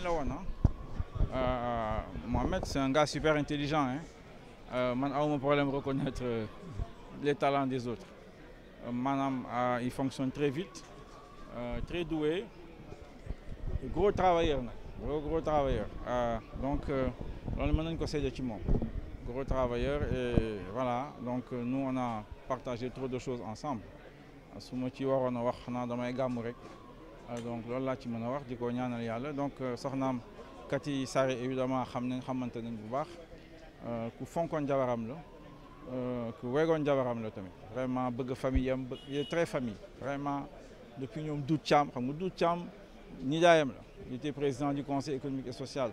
Pikine la woon ah euh, Mohamed c'est un gars super intelligent hein euh, man awma problème reconnaître euh, les talents des autres maanaam il fonctionne très vite très doué gros travailleur nag gros gros travailleur donc loolu mën nañu ko seede ci moom gros travailleur et voilà donc nous on a partagé trop de choses ensemble su ma ci waroon a wax xanaa damay gàmmu rek Euh, donc loolu laa ci mën a wax di ko ñaanal yàlla donc euh, soxnaam Kati Sarr évidemment xam nañ xamante nañ bu baax euh, ku fonkoon jabaram la ku wegoon jabaram la tamit vraiment bëgg famille am bëgg très famille vraiment depuis ñoom du Thiam xam nga nijaayam la il président du conseil économique et social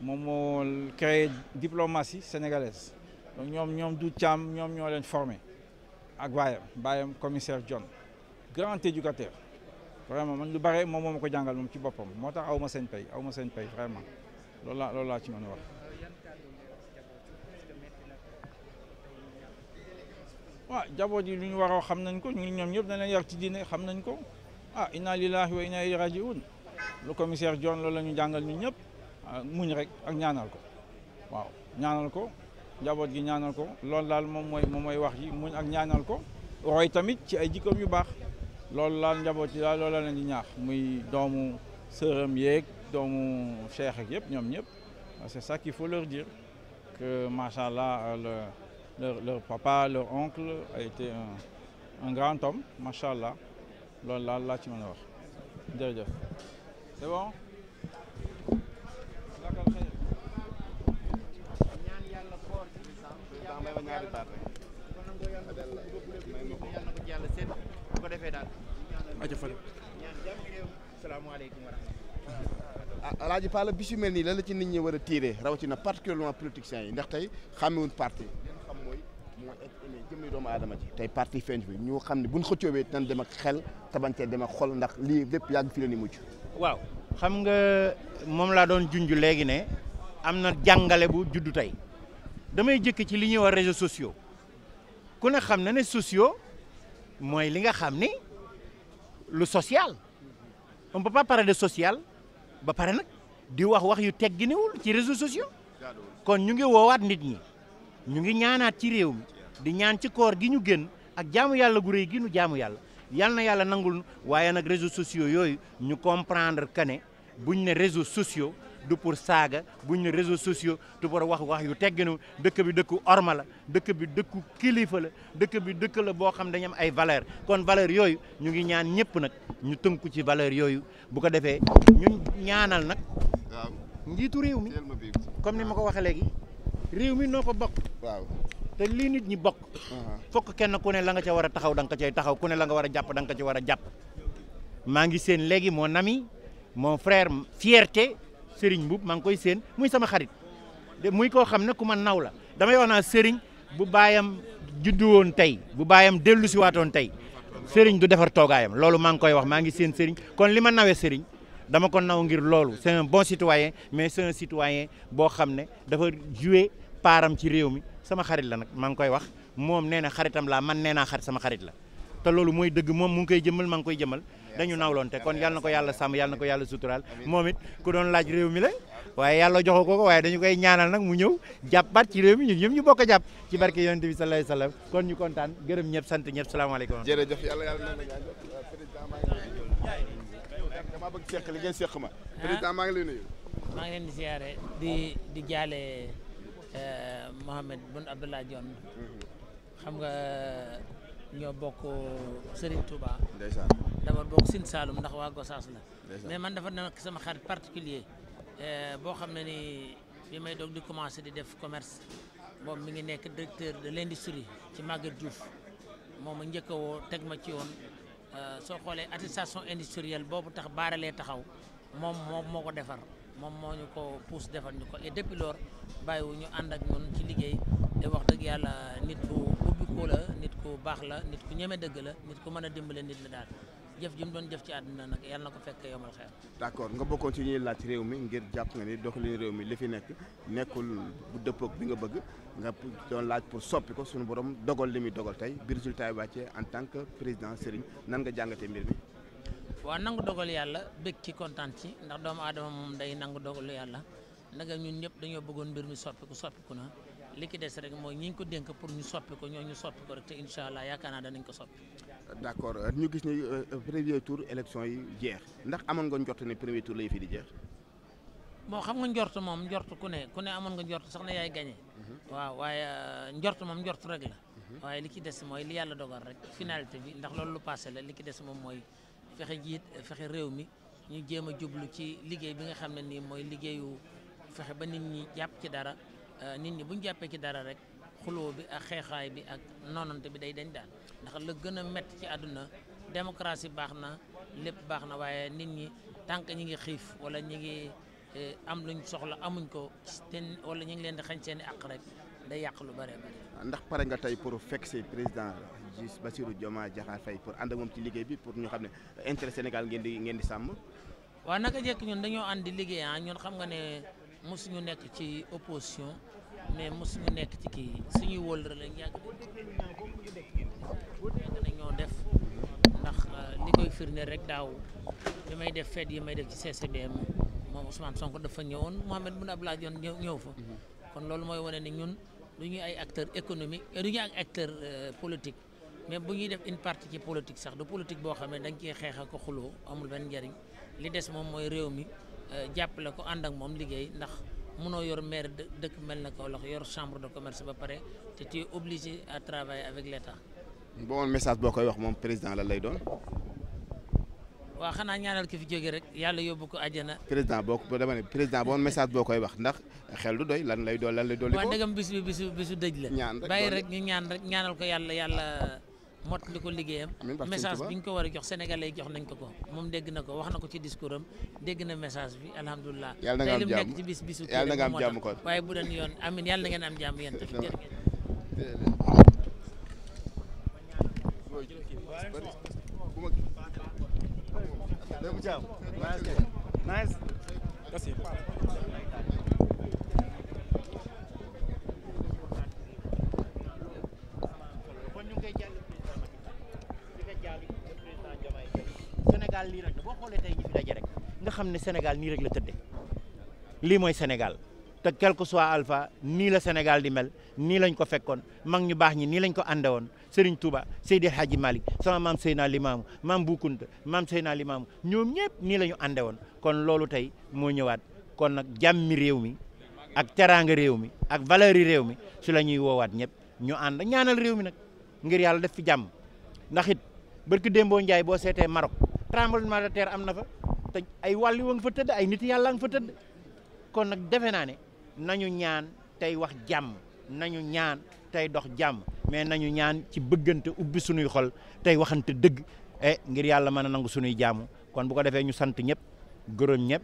moom moo créé diplomatie sénégalaise donc ñoom ñoom Doudou Thiam ñoom ñoo leen formé ak baayam baayam commissaire John grand éducateur vraiment man lu bare moom moom ma ko jàngal moom ci boppam moo tax aw ma seen pay aw ma seen pay vraiment loolu laa laa ci mën a wax. waaw ah, jaboot yi lu ñu waroo xam nañ ko ñu ñoom ñëpp dañ leen yar ci diine xam nañ ko ah inna lillahi wa inna ilayhi rajiun lu commissaire John loolu la ñu jàngal ñun ñëpp ah, muñ rek ak ñaanal ko waaw ñaanal ko jaboot gi ñaanal ko loolu daal moom mooy mooy wax ji muñ ak ñaanal ko roy tamit ci ay jikkoom yu baax. loolu laa njaboot ci laa loolu leen di ñaax muy doomu sëram yeeg doomu cheikh ak yëpp ñoom ñëpp c'est ça qu'il faut leur dire que macha allah leur, leur leur papa leur oncle a été un, un grand homme macha allah loolu laa laa ci mën a wax jërëjëf c'est bon. yàlla ko defee daal. ajëfale. salaamaaleykum wa rahmatulah. ah mel nii la ci nit ñi war a tiiree rawatina particulièrement politiciens yi ndax tey xàmmewuñ parti li xam mooy mooy jëmmi doomu aadama ji tey parti feeñ bi ñu xam ne buñ xëccoowee nan dem ak xel tabancee dem ak xol ndax lii lépp yàgg fi la ni mujj. waaw xam nga moom laa doon junj léegi ne am na jàngale bu juddu tey damay jëkk ci li ñuy wax réseaux sociaux ku ne xam na sociaux. mooy li nga xam ni lu social on peut pas de social ba pare nag di wax wax yu teg tegginiwul ci réseaux sociaux kon ñu ngi woowaat nit ñi ñu ngi ñaanaat ci réew mi di ñaan ci koor gi ñu gën ak jaamu yàlla gu rëy gi ñu jaamu yàlla yal na yàlla nangul waaye nag réseaux sociaux yooyu ñu comprendre que ne buñ ne réseaux sociaux du pour saaga buñ ne réseaux sociaux du pour wax wax yu tegginu dëkk bi dëkku orma la dëkk bi dëkku kilifa la dëkk bi dëkk la boo xam dañu am ay valeur kon valeur yooyu ñu ngi ñaan ñëpp nag ñu tënk ci valeur yooyu bu ko defee ñu ñaanal nag njiitu réew mi comme ni ma ko waxee léegi réew mi noo ko bokk waaw te lii nit ñi bokk uh-huh. fokk kenn ku ne la nga ca war a taxaw da nga ko cay taxaw ku ne la nga war a jàpp da nga ci war a jàpp maa ngi seen léegi moo nami moo fr fierté Serigne Mboup maa ngi koy séen muy sama xarit muy koo xam ne ku ma naw la damay wax naa bu baayam juddu woon tey bu baayam dellu si waatoon tey Serigne du defar toogaayam loolu maa ngi koy wax maa ngi séen Serigne kon li ma nawee Serigne dama ko naw ngir loolu c'est un bon citoyen mais c'est un boo xam ne dafa joué paaram ci réew mi sama xarit la nag maa ngi koy wax moom nee na xaritam laa man nee naa xarit sama xarit la te loolu mooy dëgg moom mu ngi koy jëmmal maa ngi koy jëmmal dañu nawloonte kon yal na ko yàlla sàmm yal na ko yàlla suturaal moom ku doon laaj réew mi la waaye yàlla joxu ko ko waaye dañu koy ñaanal nag mu ñëw jàppaat ci réew mi ñun ñëpp ñu bokk jàpp ci barke yonent bi sallallahu alayhi wasallam kon ñu kontaan gërëm ñëpp sant ñëpp salaamaaleykum. jërëjëf yàlla yàlla na la président maa ngi lay nuyu ma. Ah? président maa ngi lay nuyu. leen di ziare di di jaale eh, Mohamed Boun Abdallah Dionne mm-hmm. xam nga ñoo bokk Serigne Touba. d'abord boo ko Sine Saalum ndax waa Gosaas la mais man dafa nekk sama xarit particulier eh, boo xam ne ni bi may doog di commencé di def commerce boobu mi ngi nekk directeur de l'industrie ci Maguette Diouf moom a njëkk a teg ma ci yoon eh, soo xoolee attestation industrielle boobu tax baaralee taxaw moom moom moo ko defar moom moo ñu ko pousse defar ñu ko et depuis bàyyiwu ñu ànd ak ñun ci liggéey de wax dëgg yàlla nit ku ubbi ko la nit ku baax la nit ku ñeme dëgg la nit ku mën a dimbale nit la daal jëf ji doon jëf ci àdduna nag yàlla na ko fekk yomal xeer. d'accord nga bokkoon ci ñuy laaj réew mi ngir jàpp nga ni doxalin réew mi li fi nekk nekkul bu dëppook bi nga bëgg nga doon laaj pour soppi ko suñu borom dogal li muy dogal tey bi résultat yi wàccee en tant que président Serigne nan nga jàngatee mbir mi. waaw nangu dogal yàlla bëgg ci kontaan ci ndax doomu aadama moom day nangu dogal yàlla nag ñun ñëpp dañoo bëggoon mbir mi soppiku soppiku na. li ki des rek mooy ñi ñu ko dénk pour ñu soppi ñoo ñu soppi ko rek te incha allah yaakaar naa danañ ko soppi. d' accord euh, gis ni euh, euh, premier tour élection jeex ndax amoon nga njort ne premier tour lay di jeex. bon xam nga njort moom njort ku ne ku ne amoon nga njort sax na yaay gagné. Mhm. waaw waaye njort moom njort rek la. Mhm. waaye li ci des mooy li yàlla dogal rek finalité bi ndax loolu lu passé la li ci des moom mooy fexe jiit fexe réew mi ñu jéem a jublu ci liggéey bi nga xam ne nii mooy liggéeyu fexe ba nit ñi jàpp ci dara. Euh, nit ñi bu ñu jàppee ci dara rek xuloo bi ak xeexaay bi ak noonante bi day dañ daal ndax la gën a métti ci àdduna démocratie baax na lépp baax na waaye nit ñi tànk ñi ngi xiif walla ñi ngi euh, am luñ soxla amuñ ko ten wala ñi ngi leen di xañ seen i àq rek day yàq lu bëree bëri. ndax pare nga tey pour fekk si président gis Bassirou Diomaye Diakhar Faye pour ànd ak moom ci liggéey bi pour ñu xam ne intérêt Sénégal ngeen di ngeen di sàmm. waaw naka jekk ñun dañoo ànd di liggéey ah ñun xam nga ne. mosuñu nekk ci opposition mais mosuñu nekk ci kii suñuy wóllare lañ yàgg yàgg na ñoo def ndax euh, li koy firnde rek daaw li may def fet yi may def ci CCBM moom Ousmane Sonko dafa ñëwoon Mohamed Boun Abdallah Dionne ñëw ñëw fa mhm. kon loolu mooy wane ni ñun du ñuy ay acteur économique du ñuy ay acteur euh, politique mais bu ñuy def une partie ci politique sax du politique boo xam ne dañ ciy xeex ak ko xuloo amul benn njariñ li des moom mooy réew mi Euh, jàppale ko ànd ak moom liggéey ndax mënoo yor maire dëkk mel na Kaolack yor chambre de commerce ba pare te tu es obligé à travailler avec l' état. boo woon message boo koy wax moom président la lay doon. waaw xanaa ñaanal ki fi jógee rek yàlla yóbbu ko àjjana. président boo ko dama ne président message boo koy wax ndax xel du doy lan lay doon lan lay dolli ko. waaw ndegam bis bi bisu bisu dëj la. ñaan rek bàyyi rek ñu ñaan rek ñaanal ko yàlla yàlla. mot li ko liggéeyam message bi ñu ko war a jox sénégalais jox nañ ko ko moom dégg na ko wax na ko ci discours am dégg na message bi alhamdulilah yàlla na nga am jàmm nekk ci bis bisu yàlla na nga am jàmm kon waaye bu doon yoon amin yàlla na ngeen am jàmm yéen tamit jërëngeen nga xam ne senegal nii rek la tëddee lii mooy senegal te quel alfa nii la senegal di mel nii lañ ko fekkoon mag ñu baax ñi nii lañ ko ànde woon Serigne Touba Seydi Hadji mali sama maam Seyna Limaamu maam Boukounta maam Seyna Limaamu ñoom ñëpp nii lañu ñu woon kon loolu tey moo ñëwaat kon nag jàmmi réew mi ak teraanga réew mi ak valeur réew mi su la ñuy woowaat ñëpp ñu ànd ñaanal réew mi nag ngir yàlla def fi jàmm ndax it barki démboo Njaay boo seetee Maroc tremblement de terre am na fa te ay wàll yu nga fa tëdd ay nit yàlla nga fa tëdd kon nag defe naa ne nañu ñaan tey wax jàmm nañu ñaan tey dox jàmm mais nañu ñaan ci bëggante ubbi sunuy xol tey waxante dëgg e ngir yàlla mën a nangu sunuy jaamu kon bu ko defee ñu sant ñëpp gërëm ñëpp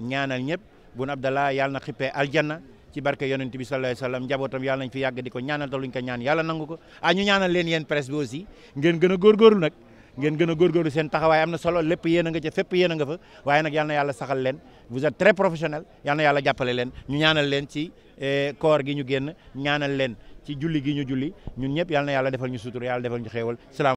ñaanal ñëpp bun abdallah yàlla na xippee aljanna ci barke yonent bi sallallahu wasallam njabootam yàlla ko ñaanal te ko ñaan yàlla nangu ko ah ñu ñaanal leen yen presse aussi ngeen gën a góorgóorlu nag ngeen gën a góorgóorlu seen taxawaay am na solo lépp yéen a nga ca fépp yéen nga fa waaye nag yal na yàlla saxal leen vous êtes très professionnel yal na yàlla jàppale leen ñu ñaanal leen ci eh, koor gi ñu génn ñaanal leen ci julli gi ñu julli ñun ñëpp yal na yàlla defal ñu sutur yàlla defal ñu xéewal salaam